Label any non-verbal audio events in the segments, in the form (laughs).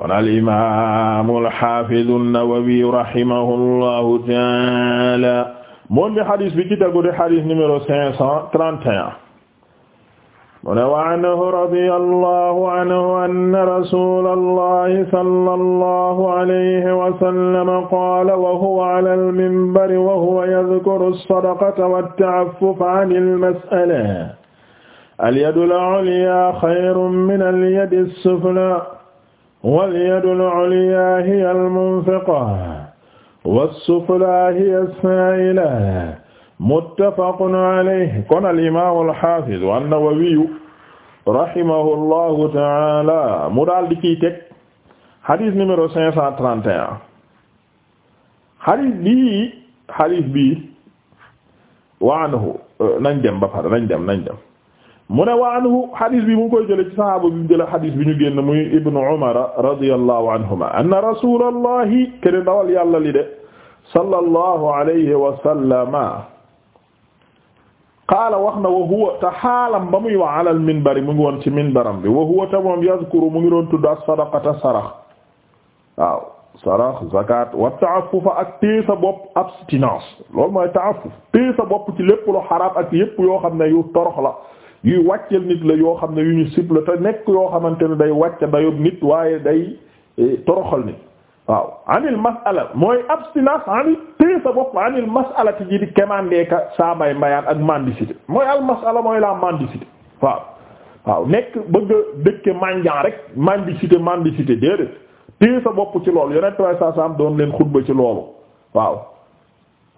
kon al imaamu alxaafidu Nawawi rahimahullahu taala moom mi xadis bi ci tegu di xadis numéro cinq cent trente et un mu ne wa anhu radiyallahu anhu anna rasulallahi sallallahu alayhi wa sallam qaala wa huwa ala al-minbari wa huwa yadhkuru as-sadaqata wat-ta'affufa 'ani al-mas'ala al-yadu al-'ulya khayrun min al-yadi as-sufla walyadul ulyaa hiya almunfiqa wassuflaa hiya assaa'ila muttafaqun alayhi kon alimaamu alxaafiz annawawiyu rahimahullahu taala mu daal di ciy teg xadis numéro cinq cent trente et un xadis bii xadis bii wa anhu nañ dem ba pare nañ dem nañ dem mu ne wa anhu xadis bi mu ngi koy jële ci sahaaba bi mu jële xadis bi ñu génn muy ibnu umara radiyallahu anhuma anna rasulallahi kene dawal yàlla li de sallallahu alayhi wa sallama qaala wax na wa huwa te xaalam ba muy wax alal minbari mu ngi woon ci minbaram bi wa huwa te moom yazkuru mu ngi doon tudd as-sadaqata sarax waaw sarax zakat wa ta'affufa ak téye sa bopp abstinence loolu mooy ta'affuf téye sa bopp ci lépp lu xaraam ak yépp yoo xam ne yu torox la yuy wàcceel nit la yoo xam ne yu ñu sib la te nekk yoo xamante ne day wàcc dayob nit waaye day eh, toroxal nit waaw anil masala mooy abstinence anil téye sa bopp anil masala ti ji di kemandeeka saa may mbayaan ak mendicité mooy al masala mooy la mendicité waaw waaw nekk bëgg a dëkke mandian rek mendicité mendicité déedéet téye sa bopp ci loolu yonent waaye saa saam doon leen xutba ci loolu waaw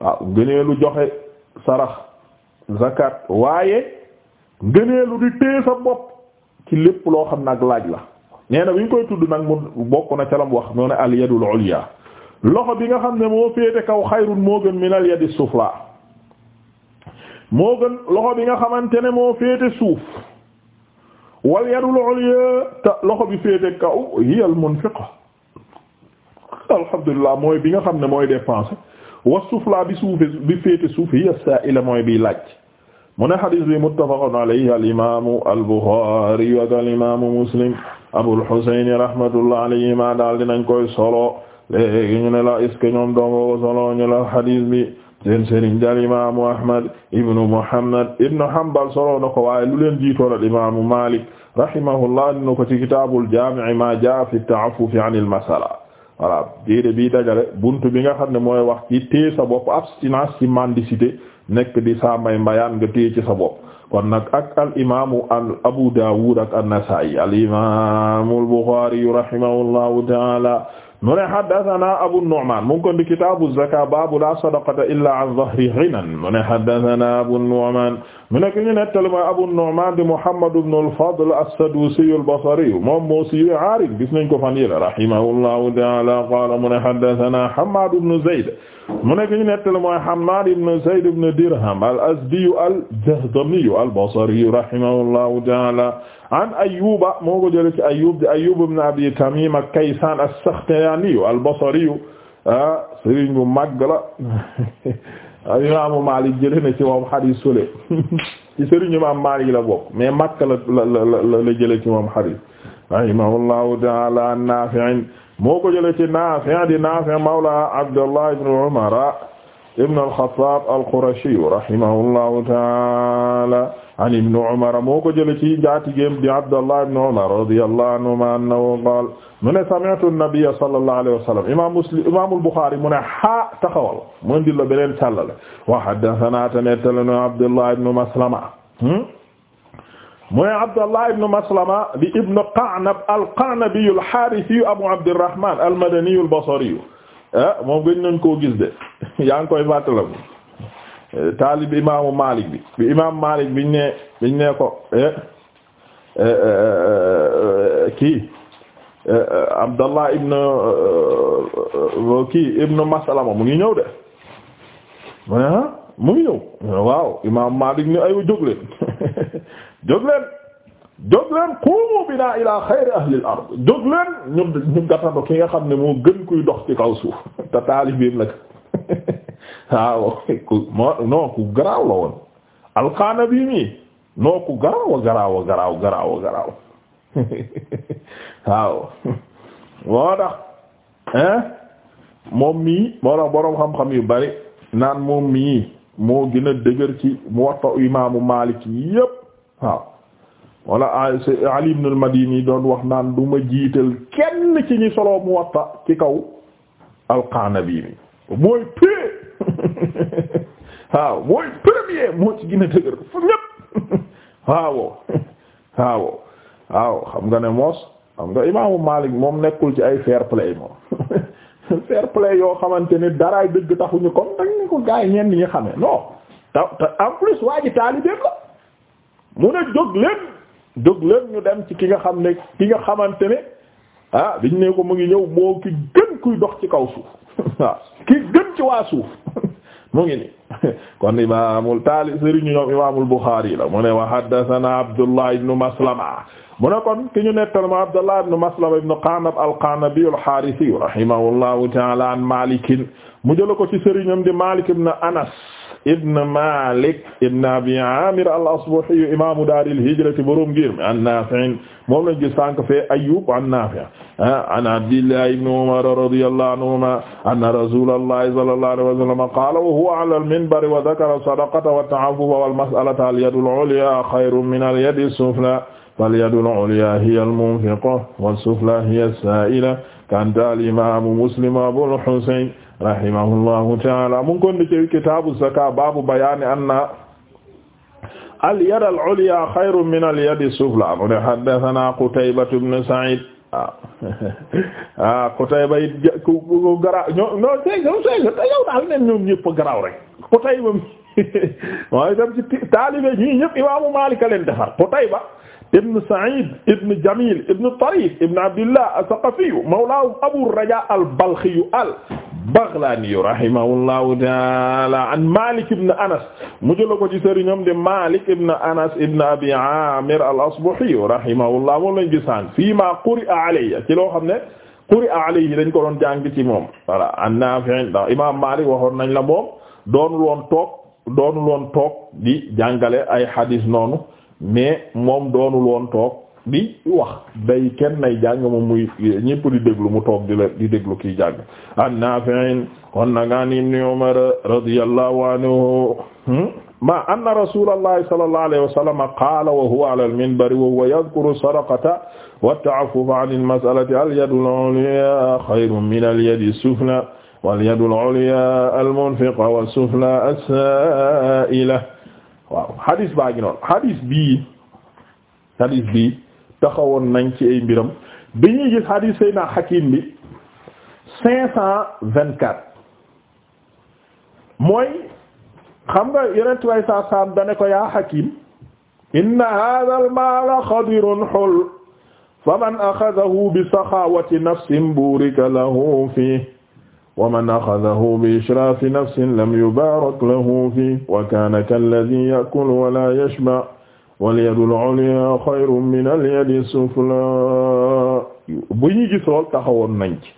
waaw gënee lu joxe sarax zakat waaye ngëneelu di téye sa bopp ci lépp loo xam nag laaj la nee na bi ñu koy tudd nag mu bokk na ca la mu wax moo ne al yadul ulya loxo bi nga xam ne moo féete kaw xayrun moo gën min al yadi sufla gën loxo bi nga xamante ne moo féete suuf wal yadul ulya te loxo bi féete kaw hiya al munfiqa alhamdulilah mooy bi nga xam ne mooy dépense wa sufla bi suufe bi féete suuf hiya sa'ila mooy bi laaj mu ne xadis bi muttafaqun alayhi al imaamu al buxaari wa al imaamu muslim abul xusayn rahmatullah alayhima daal dinañ koy solo léegi ñu ne la ñoom doon solo ñu la xadis bi seen sëriñ di al imaamu ahmad ibnu muhammad ibnu hanbal solo na ko waaye lu leen jiitoon al imaamu malik rahimahullah dina ko ci kitaabul jaami' ma jaa fi ta'affufi anil masala voilà déedéet bi buntu bi nga xam ne mooy wax ci téye sa bopp abstinence ci mendicité nekk di saa may mbayaan nga téye ci sa bopp kon nag ak al imaamu al Abu Dawud ak an-Nasa'i al imaamu al Bukhari rahimahullahu ta'ala mu ne haddathana Abu Nu'man mu ngi ko di kitaabu zaka baabu la sadaqata illa an dhahri ghinan mu ne haddathana Abu Nu'man mu ne ki ñu nettali mooy Abu Nu'man di Muhammad ibn al-Fadl as-Sadusi al-Basri moom moo siiwe aarif gis nañ ko fan yéla rahimahullahu ta'ala qala mu ne haddathana Hammad ibn Zayd mu ne ki ñu nettali mooy Hammad ibn Zayd ibn Dirham al-Azdi al-Jahdami al-Basri rahimahullahu ta'ala an Ayyuba moo ko jëlee ci Ayyub di Ayyub ibn Abi Tamim ak Kaysan as-Sakhtiyani al-Basri ah, sëriñ bu mag la (laughs) Imaamu Maalik jëlee na ci moom xadiis sole (laughs) ci sëriñ Imaam Maalik la bokk mais Makk la la la la jëlee ci moom xadiis rahimahullahu ta'ala Naafi' moo ko jëlee ci Naafi' di Naafi' mawla Abdullah ibn Umar ibn al-Khattab al-Qurashi rahimahullahu ta'ala an ibni umara moo ko jële ci njaatigéem di abdallah ibni umar radiyallahu anhuma annahu qaal mu ne sami'tu an-nabiyya sallallahu alayhi wa sallam imam muslim imam al-bukhari mu ne ha taxawal mu ndil la beneen càllale wa haddathana tanettaleno abdullah ibnu maslama mooy hmm? abdallah ibnu maslama di ibnu qa'nab al-qa'nabi al-harisi abu abdirrahman al-madani al-basri eh, moom gën nañ koo gis de (laughs) yaa ngi koy fàttaliku taalib imaamu Malik bi bi imaamu Malik biñ ne biñ ne ko eh, eh, eh, kii Abdallah ibn kii ibn Maslama mu ngi ñëw de mu ne ah mu ngi ñëw waaw imaamu Malik ni aywa (laughs) jóg leen jóg leen jóg leen ila xayri ahli al ard ñu ñu ki nga xam ne moo gën kuy dox ci kaw suuf (laughs) te taalib bi la (laughs) waaw ah, ku non ku garaaw la woon alqaana bii mi noo ku garaaw a garaaw a garaaw garaaw a (laughs) waaw moo tax hein moom mii moo tax boroom xam-xam yu bari naan moom mii moo gën a dëgër ci Muwatta imaamu Maalik yépp waaw wala ah, Ali ibn madini doon wax naan du ma jiital kenn ci ñi solo Muwatta ci kaw alqaana bii mi mooy pée (laughs) waaw mooy premier moo ci gën dëgër fu ñépp (laughs) waaw waaw waaw xam nga ne moos xam nga imaamu Malik moom nekkul ci ay fair play moom (laughs) fair play yoo xamante ni daraay dëgg taxuñu comme dañ ni ko gaay ñenn ñi xamee non te te en plus waa ji taalibeem la mu ne jóg leen jóg leen ñu dem ci ki nga xam ne ki nga xamante ne ah biñ ne ko mu ngi ñëw moo ki gën kuy dox ci kaw suuf waaw ki gën ci waa suuf mu ngi ni (laughs) kon imaamul taali sëriñu ñoom imaamul Buxaari la mu ne wa haddathana Abdullah ibn Maslama mu ne kon ki ñu nettal ma Abdullah ibn Maslama ibn Qanab al-Qanabi al-Harisi rahimahullahu ta'ala an Malikin mu jël ko ci sëriñam di Malik ibn Anas ibn Malik ibn Abi Amir al-Asbahi imaamu daaril hijrati borom ngir mi an Naafi' moom lañ gis sànq fee Ayyub an Naafi' an Abdillah ibn Umar radiyallahu anhuma anna rasulallahi sallallahu alayhi wa sallam qaala wa huwa ala al-minbari wa dhakara sadaqata wat-ta'affufa wal-mas'alata al-yadul ulya khayrun min al-yadi as-sufla falyadul ulya hiya al-munfiqa was-sufla hiya as-sa'ila kanta al-imaamu Muslim Abul Husayn rahimahullahu taala mu ngi kon ci kitaabu zaka baabu bayaani anna al-yad al-ulya xayrun min al-yad as-sufla mu ne haddathana Qutayba ibn Sa'id ah, (laughs) ah Qutayba it ku garaaw ñoo ñoo tey ñoom tey yow daal ne ñoom ñëpp garaaw rek Qutayba mooy (laughs) dem ci taalibe ñii ñëpp imaamu Maalik a leen defar Qutayba ibn Sa'id ibn Jamil ibn Tarif ibn Abdillah as-Saqafi mawlaahu Abu Raja al-Balkhi al-Baghlani rahimahullahu ta'ala an Malik ibn Anas mu jëloon ko ci sëriñam de Malik ibn Anas ibn Abi Amir al-Asbahi rahimahullah moom lañ gisaan fiima quri'a alayhi ci loo xam ne quri'a alayhi dañ ko doon jàng ci moom voilà an Nafi' ndax Imaam Malik waxoon nañ la moom doonul woon toog doonul woon toog di jàngale ay hadith noonu. mais moom doonul woon toog di wax day kenn nay jàng moom muy ñépp di déglu mu toog di la di déglu kiy jàng an Nafi'in kon nagaan ibn Umar radiyallahu anhu hmm? ma anna rasulallahi sallallahu alayhi wa sallam qaala wa huwa ala al-minbari wa huwa yadhkuru sadaqata wa at-ta'affufa 'an al-mas'alati al-yadu al-'ulya khayrun min al-yadi as-sufla wal-yadu al-'ulya al-munfiqa was-sufla as-sa'ila waaw hadis baa ngi noonu hadis bii hadis bii taxawoon nañ ci ay mbiram bi gis hadis Seydina Hakim bi mooy xam nga yenent way sa saam dane ko yaa Hakim inna hadha al mala xadirun hul faman axadahu bi saxawati nafsin burika lahu fihi wa man axadahu bi israafi nafsin lam yubaarak lahu fi wa kaana kalladii yakulu wa laa yashba wal yadul ulyaa xayrun minal yadi suflaa bu ñu gis lool taxawoon nañ ci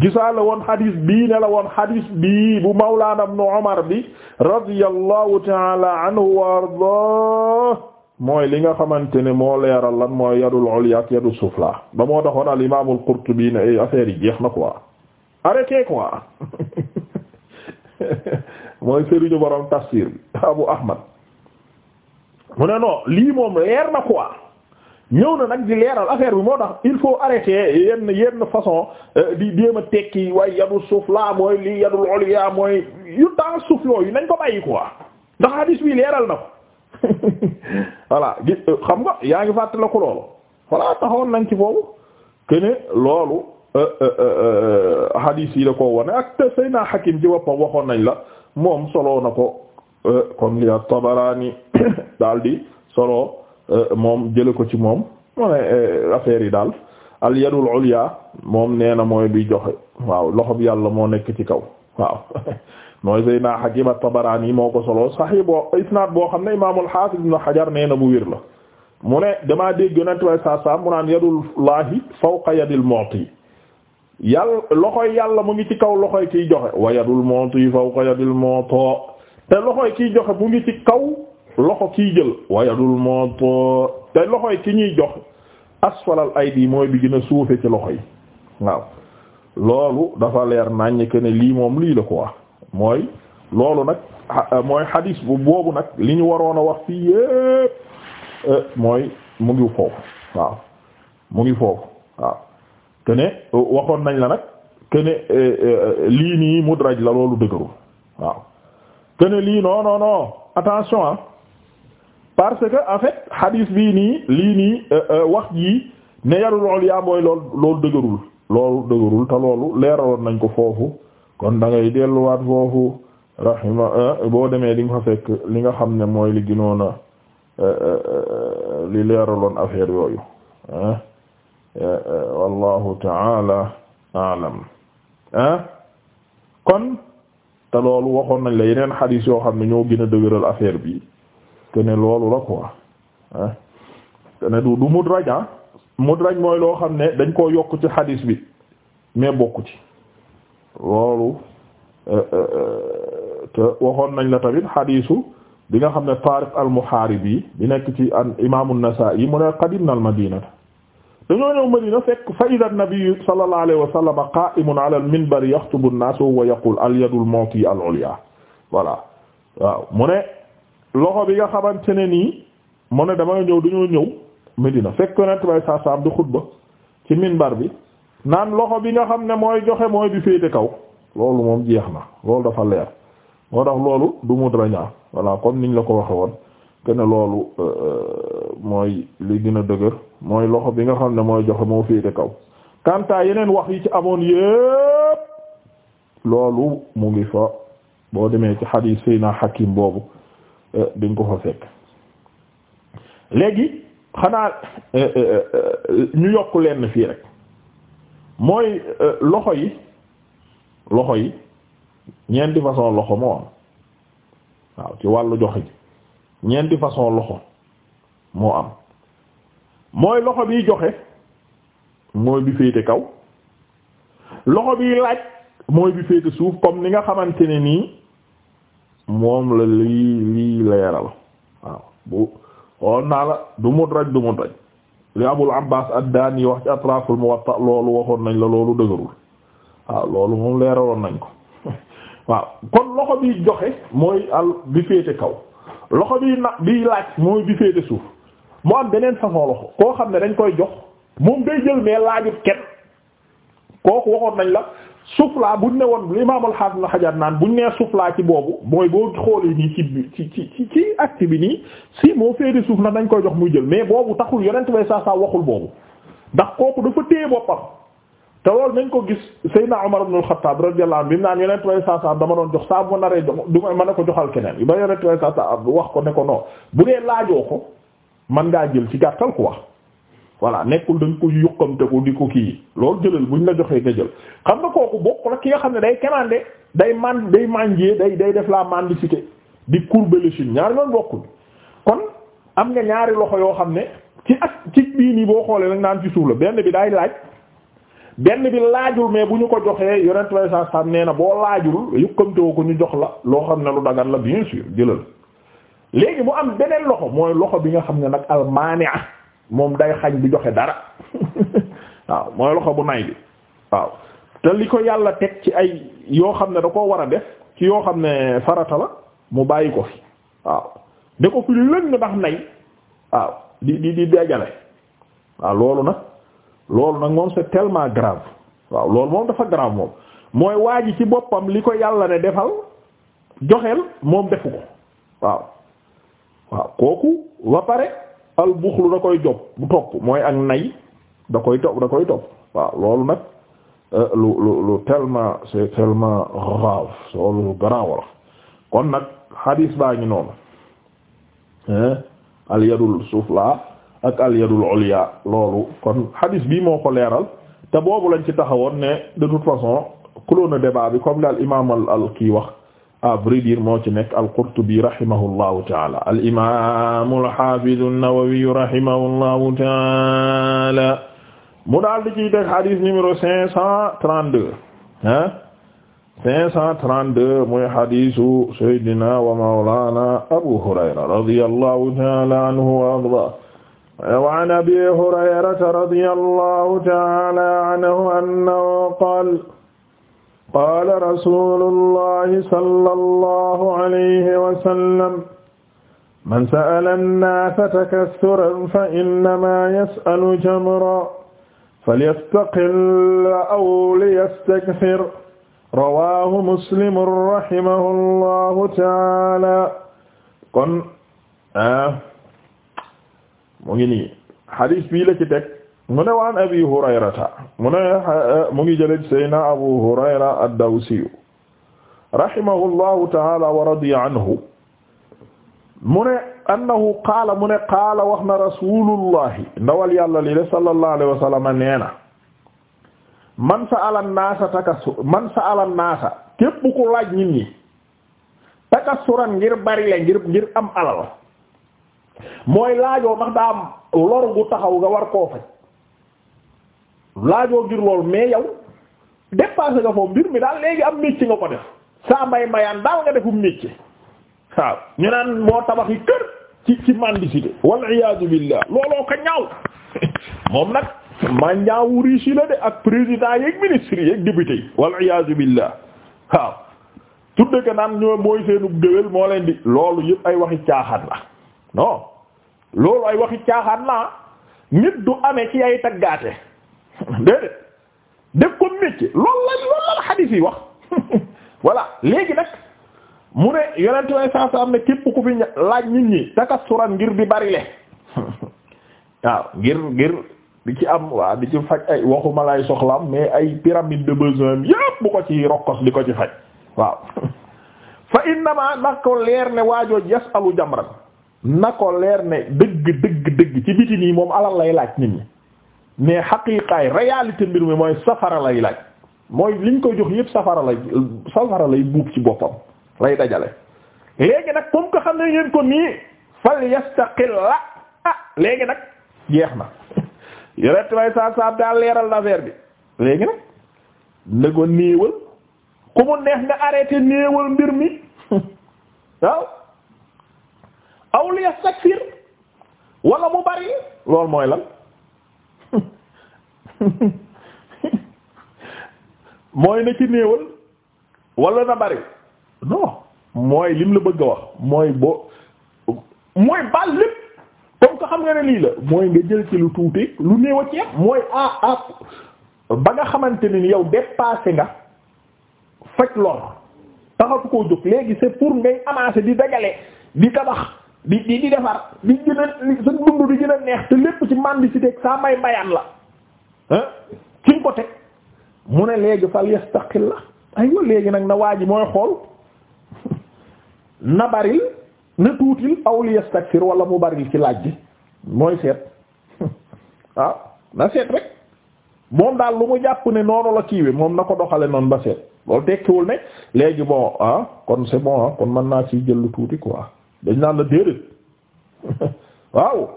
gisaa la woon xadis bii ne la woon xadis bii bu mawlaana ibnu Umar bi radiyallahu ta'ala anhu wa ardaah mooy li nga xamante ne moo leeral lan mooy yadul ulyaa ak yadu suflaa ba moo taxoon al imaamul Qurtubi ne affaire yi jeex na quoi. arrêtez quoi (laughs) mooy sëriñu borom tafsir bi Abu Ahmad mu ne non lii moom leer na quoi ñëw na nag di leeral affaire bi moo tax il faut arrêter yenn yenn façon euh, di jéem a tekki waaye yadu suuf laa mooy lii yadul ulya mooy yu temps suuf yooyu nañ ko bàyyi quoi ndax hadis bi leeral na ko (laughs) voilà gi euh, xam nga yaa ngi fàttaliku loolu voilà taxoon nañ ci foofu que loolu. Euh, euh, euh, hadith yi da ko wone ak te Seydina Hakim ci woppam waxoon nañ la moom solo na ko comme li at-Tabarani (coughs) daal di solo moom jële ko ci moom moo ne affaire yi daal al yadul ulya moom nee na mooy bi joxe waaw loxo bi yàlla moo nekk ci kaw waaw (laughs) mooy Seydina Hakim at-Tabarani moo ko solo sahih boo isnaad boo xam ne Imaam al-Hafiz Ibn Hajar na bu wér la mu ne damaa dégg yonent way saa saa mu naan yadul laahi fawqa yadil mu'ti yàlla loxoy yàlla mu ngi ci kaw loxoy kiy joxe wa yadul mu'ti fawqa moo mu'ti te loxoy kiy joxe mu ngi ci kaw loxo kiy jël wa moo mu'ti te loxoy ki ñuy jox asfalal aydi mooy bi gën a suufe ci loxo yi waaw loolu dafa leer naññ que ne lii moom lii la ko wax mooy loolu nag euh, mooy xadiis boobu nag li ñu waroon a wax fii yépp euh, mooy mu ngi foofu waaw mu ngi foofu waaw que euh, waxoon nañ la nag que euh, euh, lii nii mudraj la loolu dëgëru waaw que lii non attention parce que en fait bii nii lii nii wax jii ne yarul loolu yaa mooy loolu loolu dëgërul loolu dëgërul te loolu leeraloon nañ ko foofu kon da ngay delluwaat foofu rahima boo demee di nga fa fekk li nga xam ne mooy li ginoona li leeraloon affaire yooyu wallahu taala alam ah? kon te loolu waxoon nañ la yeneen xadiis yoo xam ne ñoo gën a dëgëral affaire bi te ne loolu la quoi ah te ne du du mudraj ah mudraj mooy loo xam ne dañ koo yokk ci xadiis bi mais bokku ci loolu eh, eh, eh, te waxoon nañ la tamit xadiisu bi nga xam ne Taariq al-Muhaaribi bi nekk ci an imaamu Nasaa'i mu ne qadimna al-Madinata dañoo ñëw Madina fekk fa ida nabi sallallahu alayhi wa sallam qa'imun ala al-minbar yaxtubu an-nas wa yaqul al-yadul mawti al-ulya voilà waaw mu ne loxo bi nga xamante ne nii mu ne dama ñëw dañoo ñëw Madina fekk yonent bay saa saam di xutba ci minbar bi naan loxo bi nga xam ne mooy joxe mooy bi féete kaw loolu moom jeex na loolu dafa leer moo tax loolu du mut rañaa voilà comme niñ la ko waxe woon kene loolu euh, euh, mooy li gën a dëgër mooy loxo bi nga xam ne mooy joxe moo féete kaw kanta yeneen wax yi ci amoon yépp loolu mu ngi fa boo demee ci xadiis Seydina Hakim boobu euh, di nga ko fa fekk léegi xanaa ñu yokk leen fii rek mooy loxo yi loxo yi ñeenti façon loxo moo waaw ci wàllu joxe ñeenti façon loxo moo am mooy loxo biy joxe mooy bi féete kaw loxo biy laaj mooy bi féete suuf comme ni nga xamante ne nii moom la lii lii leeral waaw bu xool naa la du mudraj du mudraj li Abul Abbas ad-Dani wax ci atraful Muwatta loolu waxoon nañ la loolu dëgërul waaw loolu moom leeraloon nañ ko (laughs) waaw kon loxo bi joxe mooy bi féete kaw loxo bi na bi laaj mooy bi féete suuf mu am beneen façon loxo koo xam ne dañ koy jox moom day jël mais laajut kenn kooku waxoon nañ la suflaa buñ ne woon li imaamul xaafis na bu ñu nee nee suflaa ci boobu mooy boo xoolee nii ci ci ci ci acte bi nii si moo féete suuf na dañ koy jox muy jël mais boobu taxul yonent bay saa saa waxul boobu ndax kooku dafa téye boppam te nañ ko gis Seydina Umar ibn al-Khattab radiyallahu anhu bi mu naan yonent way saa saa dama doon jox saa bu ma naree jox du ma mën a ko joxal keneen ba yonent way saa saa wax ko ne ko non bu dee laajoo ko man ngaa jël ci gàttal ko wax voilà nekkul dañ ko yokkamte ko di ko kii loolu jëlal bu ñu la joxee nga jël xam nga kooku bokk la ki nga xam ne day kemande day man day mànjee day day def la mendicité di courber l'échine ñaari loolu bokkul kon am nga ñaari loxo yoo xam ne ci ak ci bii boo xoolee nag naan ci suuf la benn bi day laaj benn bi laajul mais bu ñu ko joxee yonent way sa nee na boo laajul yukkamtewoo ko ñu jox la loo xam ne lu dagan la bien sûr jëlal léegi mu am beneen loxo mooy loxo bi nga xam ne nag almaania moom day xañ bi joxe dara (laughs) waaw mooy loxo bu nay bi waaw te li ko yàlla teg ci ay yoo xam ne da koo war a def ci yoo xam ne farata la mu bàyyi ko fi waaw da ko fi lëng ndax nay waaw di di di dajale waaw loolu na loolu nag moom c'est tellement grave waaw loolu moom dafa grave moom mooy waa ji ci boppam li ko yàlla ne defal joxeel moom defu ko waaw waaw kooku wa pare al buxlu da koy job bu topp mooy ak nay da koy topp da koy topp waaw loolu nag euh, lu lu lu tellement c'est tellement grave loolu garaaw la kon nag hadis baa ngi noonu al suuf laa ak al yadul ulya loolu kon hadis bi moo ko leeral te boobu lañ ci taxawoon ne de toute façon kuloona débat bi comme li al imam al al kii wax à vrai dire moo ci nekk al qurtubi rahimahullahu taala al imam al hafiz an-nawawi rahimahullahu taala mu daal di ciy teg hadis numéro cinq cent trente-deux hein cinq cent trente-deux muy hadisu sayyidina wa mawlana abu hurayra radiyallahu taala anhu wa arda wa an abi hurayrata radiyallahu ta'ala anhu annahu qaala qaala rasuulullahi sallallahu alayhi wa sallam man sa'ala an-naasa takassuran fa innamaa yas'alu jamran falyastaqil aw liyastakthir rawaahu muslimun rahimahullahu ta'ala kon ah mu ngi nii hadis bii la mu ne waan abi hurayrata mu ne mu ngi jële sayna abu hurayra ad-dawsi rahimahullahu taala wa radiya anhu mu ne annahu qaala mu ne qaala wax na ndawal yàlla li de sallallahu alayhi wa man sa'ala naasa takassu ku laaj nit ñi takassuran ngir bari ngir am alal mooy laajoo ndax daa am lor gu taxaw nga war koo faj laajoo ngir lool mais yow dépassé nga foofu mbir mi daal léegi am métier nga ko def saa may mayaan daal nga defum métier waaw ñu naan moo tabaxi kër ci ci mendicité wal iyaadu billah looloo ko ñaaw (laughs) moom nag ma ñaawu riche la de ak président yeeg ministre yeeg député wal iyaadu billah waaw tudde ko naan ñoo mooy seenu géwél moo leen di loolu yëpp ay waxi caaxaan la non loolu ay waxi caaxaan la nit du amee ci ay taggaate (laughs) déedéet def ko métier loolu la loolu la xadiis yi wax (laughs) voilà léegi nag mu ne yonent way saa saa am ne képp ku fi laaj nit ñi takassuran ngir di bari le (laughs) waaw ngir ngir di ci am waaw di ci faj ay waxuma lay soxlaam mais ay pyramide de besoin yépp bu ko ci rokkos di ko ci faj waaw fa innama ndax ko leer ne waajooj yasalu jamran na ko leer ne dëgg dëgg dëgg ci biti nii moom alal lay laaj nit ñi mais xaqiiqaay réalité mbir mi mooy safara lay laaj mooy liñ ko jox yépp safara lay safara buub ci boppam lay dajale léegi nag comme ko xam ne ngeen ko nii fal yastaqilla ah léegi nag jeex na (laughs) yonent may saab saab daal leeral affaire bi léegi nag na ko néewal ku mu neex nga arrêté néewal mbir mi (laughs) waaw aw liyastakfir wala mu bari loolu mooy lan (laughs) mooy na ci néewal wala na bari non mooy lim la bëgg a wax mooy boo mooy baal lépp comme que xam nga ne lii la mooy nga jël ci lu tuuti lu néew ci yàpp mooy a a ba nga xamante ne ni yow dépassé nga faj lor taxatu koo jóg léegi c'est pour ngay amasser di dajale di tabax di di di defar di gën a sa dund di gën a neex te lépp ci mendicité saa may mbayaan la ah ci nga ko teg mu ne léegi fal yastaqil la aywa léegi nag na waa ji mooy xool (laughs) na baril na tuutil aw li yastakfir wala mu baril ci laaj bi mooy seet waaw (laughs) ah, na seet rek moom daal lu mu jàpp ne noonu la kiiwe moom na ko doxale noonu ba seet loolu tekkiwul ne léegi bon ah kon c'est bon ah kon mën naa ci jël lu tuuti quoi dañ naan la déedéet waaw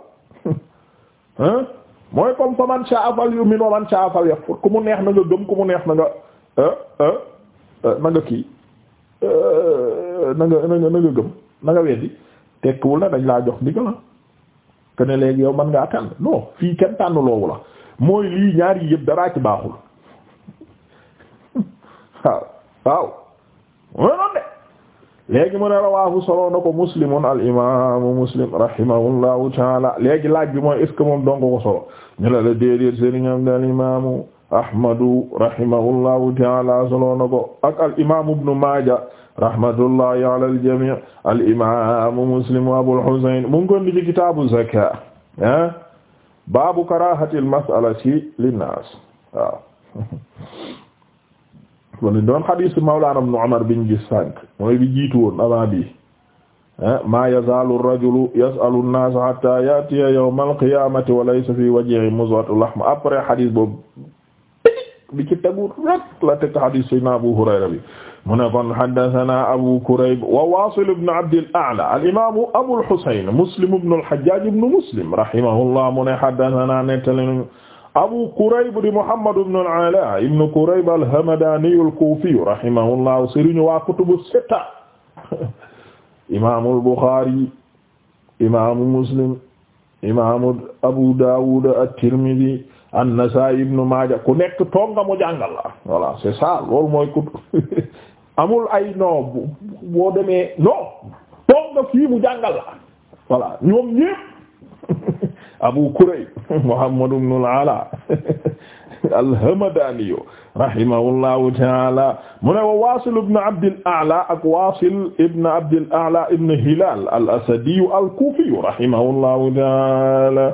mooy comme fa man saa afal yu min wa man saa afal yaf ku mu neex na gëm ku mu neex na nga euh, euh, euh, na kii na nga na na gëm na weddi tekkiwul na dañ laa jox ndigal ah. que ne léegi yow mën ngaa tànn non fii kenn tànn loowu la mooy lii ñaar yi yëpp daraa baaxul (laughs) waaw waaw mooy léegi mu ne rawaahu solo na ko muslimun al imaamu muslim rahimahullahu taala léegi laaj bi mooy est ce que moom dong ko solo ñu ne la déedéet sëriñam al imaamu ahmadu rahimahullahu taala solo na ko ak al imaamu ibnu maaja rahmatullahi ala al jamii al imaamu muslim abul husayn mu ngi ko indi ci kitaabu zakaat ah baabu karaahatil mas'alati linnaas waaw. (laughs) wala doon xadiis Mawlaana Ibn Umar biñ gis sànq mooy bi jiitu woon avant bi ah maa yazaalu rajulu yasalu nnaasa hatta yatiya yawma alqiyamati wa laysa fi wajhihi muzghatu lahm après xadiis boobu bi ci tegu rek la teg xadiis Sayyidina Abu Hurayra bi mu ne kon haddasanaa Abu Kurayb wa Waasil ibn Abdil A'la al-imaamu Abul Husayn Muslim ibn al-Hajjaaj ibn Muslim rahimahullah mu ne haddasanaa abu kurayb di muhammad ibn al ibn kurayb al-hamadani al-kufi rahimahullah sëriñu waa kutubu sitta imaamul buxaari imaamu muslim imaamu abu dawud at-tirmidhi an-nasa'i ibn maaja ku nekk tonga mu jàngal la voilà c'est ça loolu mooy kutu amul ay non tonga fii mu jàngal la voilà ñoom ñépp Abu Kurayb (laughs) Muhammad ibn al-Ala (laughs) al-Hamadani rahimahullahu ta'ala mu ne wa Wasil ibn Abd al-A'la ak Wasil ibn Abd al-A'la ibn Hilal al-Asadi al-Kufi rahimahullahu ta'ala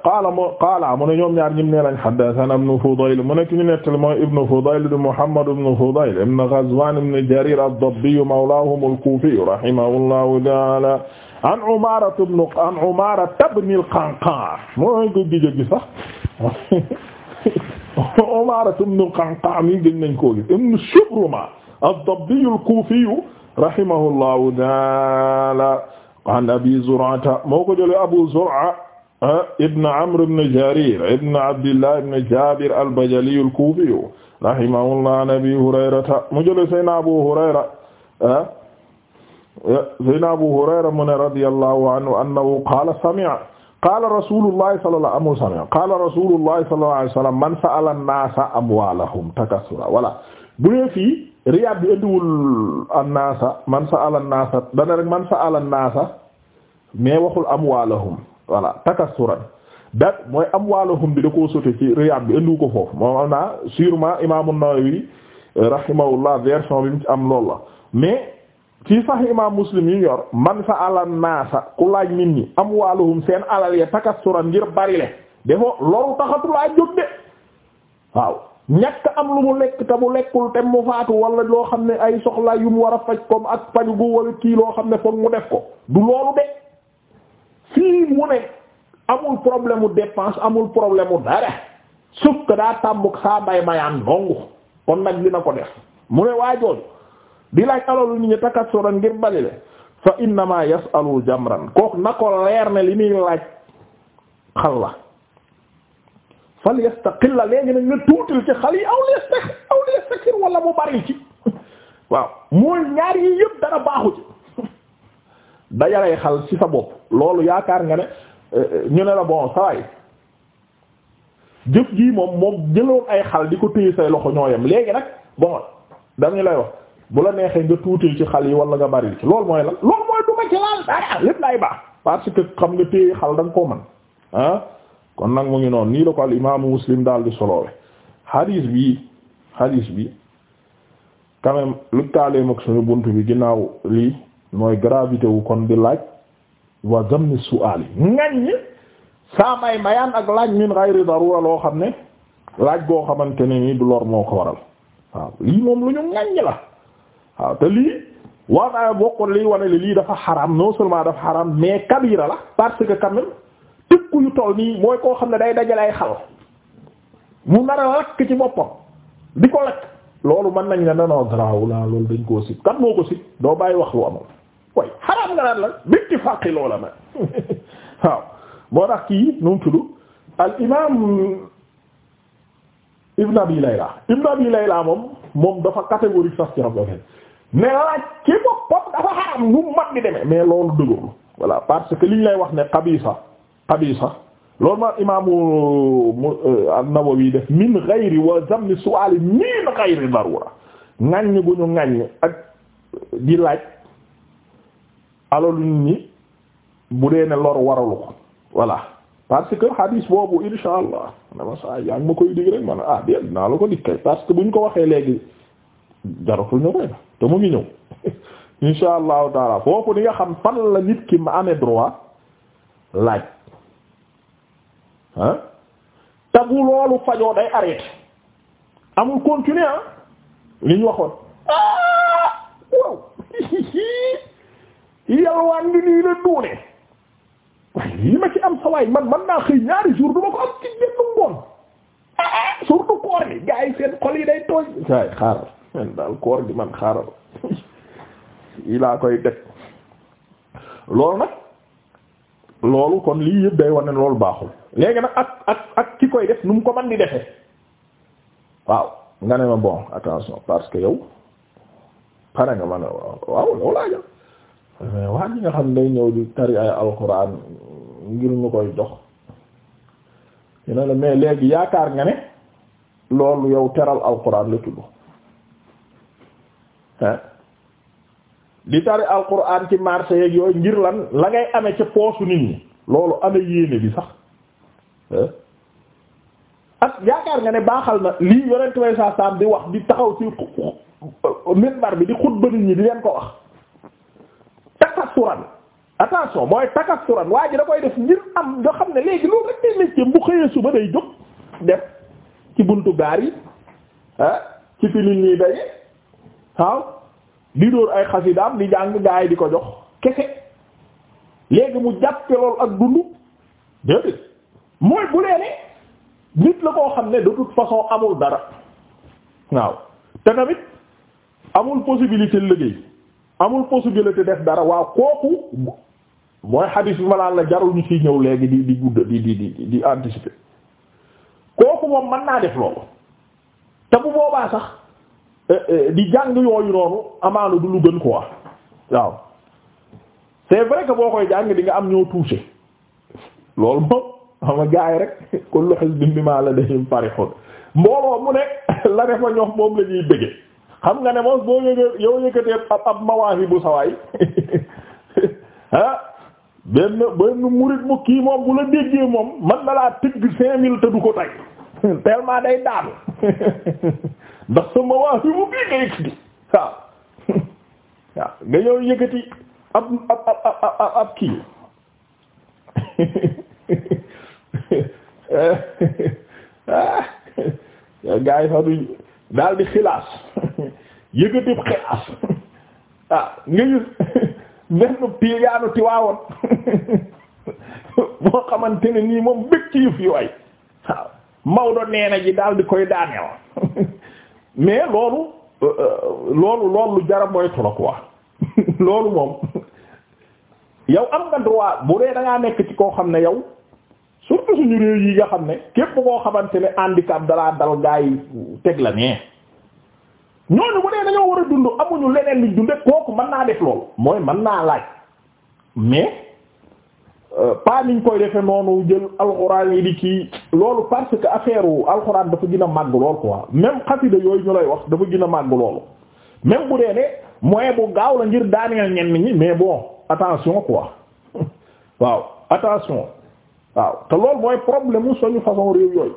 qaala mu qaala mu ne ñoom ñaar ñim nee nañ haddathana ibn Fudayl mu ne ki ñu nettali mooy ibn Fudayl di Muhammad ibn Fudayl ibn Ghazwan ibn Jarir ad-Dabbi mawlahum al-Kufi rahimahullahu ta'ala an Umaara ibn an Umaara ibn al-Qanqaar moo ngi ko gis a gis sax (laughs) Umaara ibn al-Qanqaar mi gën nañ koo gis ibn Shubruma ad-Dabbi al-Kufi rahimahullahu ta'ala an Abi Zur'a moo ko jëlee Abu Zur'a ah, ibn Amr ibn Jarir ibn Abdillah ibn Jabir al-Bajali al-Kufi rahimahullah an Abi Hurayrata mu jëlee Sayyidina Abu Hurayra ah, Seydina Abu Hurayra mu ne radiyallahu anhu annahu qaala sami'a qaala rasuulullahi sallallahu alayhi wa sallam qaala rasuulullahi man sa'ala an-naasa amwaalahum wala bu dee fii riyaat bi indiwul an-naasa man sa'ala an-naasa dana rek man sa'ala waxul amwaalahum wala takasuran da mooy amwaalahum bi da koo sote ci riyaat bi indiwu ko foofu moom am naa sûrement Imaam an-Nawawi rahimahullah version bi mu ci sax imaam muslim yi yor man sa alal naasa ku laaj nit ñi amwaaluhum seen alal ya takassuran ngir bari le defoo loru taxatu laa jóg de waaw ñàkk am lu mu lekk te mu lekkul te mu faatu wala loo xam ne ay soxla yu mu war a faj comme ak paju gu wala kii loo xam ne foog mu def ko du loolu de fii mu ne amul problème mu dépense amul problème mu dara sauf que daa tàmbuk saa bay mayaan ndongu kon nag dina ko def mu ne waa di laaj alalu ñu ñi takassuran ngir bari le fa innama yasalu jamran kook na ko leer ne li muy laaj xal la fal yastaqilla léegi nag nga tuutil ci xal yi aw liyastaxir aw liyastaxir wala mu bari ci (laughs) waaw mooy ñaar yi yëpp dara baaxu ci (laughs) dajalay xal ci sa bopp loolu yaakaar nga ne euh, ñu ne la bon saway jëf jii moom moom jëloon ay xal di ko téye say loxo ñooyam léegi nag bon dañu lay wax bu la neexee nga tuutil ci xal yi wala nga bari ci loolu mooy la loolu mooy du ci laal lépp laay baax parce que xam nga téye xal da koo mën ah kon nag mu ngi noonu nii la ko al imaamu muslim daal di soloowe hadis bi hadis bi quand même lu taalee mag suñu bunt bi ginnaaw lii mooy gravité wu kon di laaj wa zamni su'ali ngaññ saa may mayaan ak laaj min ghayri darura loo xam ne laaj goo xamante ne nii du lor moo ko waral waaw lii moom lu ñu ngaññ la waaw te lii wax naa bokkul lii wane lii dafa xaram non seulement dafa xaram mais kabira la parce que quand même yu toll nii mooy koo xam ne day dajale ay xal mu nar a ci boppam di ko lakk loolu mën nañ ne non garaaw la ah, loolu dañ koo sib kat moo ko sib doo bàyyi wax lu amul way xaram nga naan la bitti fàqi loola nag (laughs) waaw moo tax kii nu mu tudd al imaam Ibn Abi Ibn Abi moom moom dafa catégorie sax ci rab mais laaj ci boppam loolu dëgërlu voilà parce que liñ lay wax ne xabisa xabisa loolu ma imaamu euh, an-Nawawi def min ghayri wa zamni su'al min ghayri darura ŋaññ bu ñu ŋaññ ak di laaj alalu ñi bu dee ne lor waralu ko voilà parce que hadis boobu insha allah dama saa yaa ngi ma koy dig rek ma ah déet naa la ko dig kay parce que bu ñu ko waxee léegi jaratul ñu koy te mu ngi ñëw (laughs) insha allahu taala foofu di nga xam fan la nit ki ma amee droit laaj ah te loolu fajoo day arrêté amul continuer ah li ñu waxoon ah waaw (laughs) yalwaan ngi nii la duune ma ci am sawaay man man naa xëy ñaari jour du ma ko am ci benn ngoon ah, ah, surtout koor gi gars yi seen xol yi day tooy saay xaaral man (laughs) daal koor gi man xaaral (laughs) yi laa koy teg loolu nag loolu kon lii yëpp day wane loolu baaxul léegi nag ak ak ak ki koy def nu mu ko man di defee waaw nga ne ma bon attention parce que yow pare nga man waaw loolu laa jàpp waa ji nga xam ne day ñëw di tari ay alxuraan ngir ñu koy jox ñu ne la mais léegi yaakaar nga ne loolu yow teral alxuraan la tudd di tari alquran ci marché yeeg yooyu ngir lan la ngay amee ci poosu nit ñi loolu amee yéene bi sax ak yaakaar nga ne baaxal na lii yonent way saa saam di wax di taxaw ci minbar bi di xutba nit ñi di leen ko wax takassuran attention mooy takassuran waa ji da koy def ngir am nga xam ne léegi loolu rek day métier bu xëyee suba day jóg def ci buntu gaar yi ah ci fi nit ñi daje waaw di dóor ay xasidaam di jàng gaay di ko jox kese léegi mu jàppe lool ak dund déedéet mooy bu lee nit la koo xam ne de toute façon amul dara waaw te tamit amul possibilité liggéey amul possibilité def dara waaw kooku mooy xadis bi ma naan la jarul ñu ñëw léegi di di gudd di di di di anticiper kooku moom mën naa def loolu te bu boobaa sax Eh, eh, di jàng yooyu noonu amaana du lu gën quoi waaw c'est vrai boo koy jàng di nga am ñoo touché loolu moom xam nga gaay rek ma la bimaa ladayhim farihun mbooloo mu ne (laughs) la defa ñoom moom la bëgge xam nga ne moom boo yëg yow yëkkatee ab ab mawaahi bu sawaay (laughs) ah benn benn murit mu kii moom bu la déggee moom man na laa tëgg cinq mille te ko tay (laughs) tellement day daanu ndax sa mawaahibu bii nga yëkkati waaw (laughs) waaw nga ñëw yëkkati ab ab ab ab kii (laughs) ah, gaa yi sax du daal di xilaas (laughs) yëkkati xilaas waaw ah, nga gis benn piyaanu tiwaawoon boo xamante ne moom bëgg ci yëf yi waaw Maodo nee na ji daal di koy daaneel mais loolu euh, euh, loolu loolu lu jara moytu la (laughs) loolu moom yow am nga droit bu dee dangaa nekk ci koo xam ne yow surtout suñu réew yi nga xam ne képp koo xamante ne handicap dalaa dal gaa yi teg la ne ñooñu bu dee dañoo war a dund amuñu leneen liñ dunde kooku mën naa def loolu mooy mën naa laaj mais Euh, pas ñu koy defee noonu jël alxuraan yi di ci loolu parce que affaire wu alxuraan dafa gën a màgg lool quoi même xasida yooyu ñu lay wax dafa gën a màgg loolu même bu dee ne moyen bu gaaw la ngir daaneel ñenn ñi mais bon attention quoi (laughs) waaw attention waaw te loolu mooy problème soo suñu façon réew yooyu.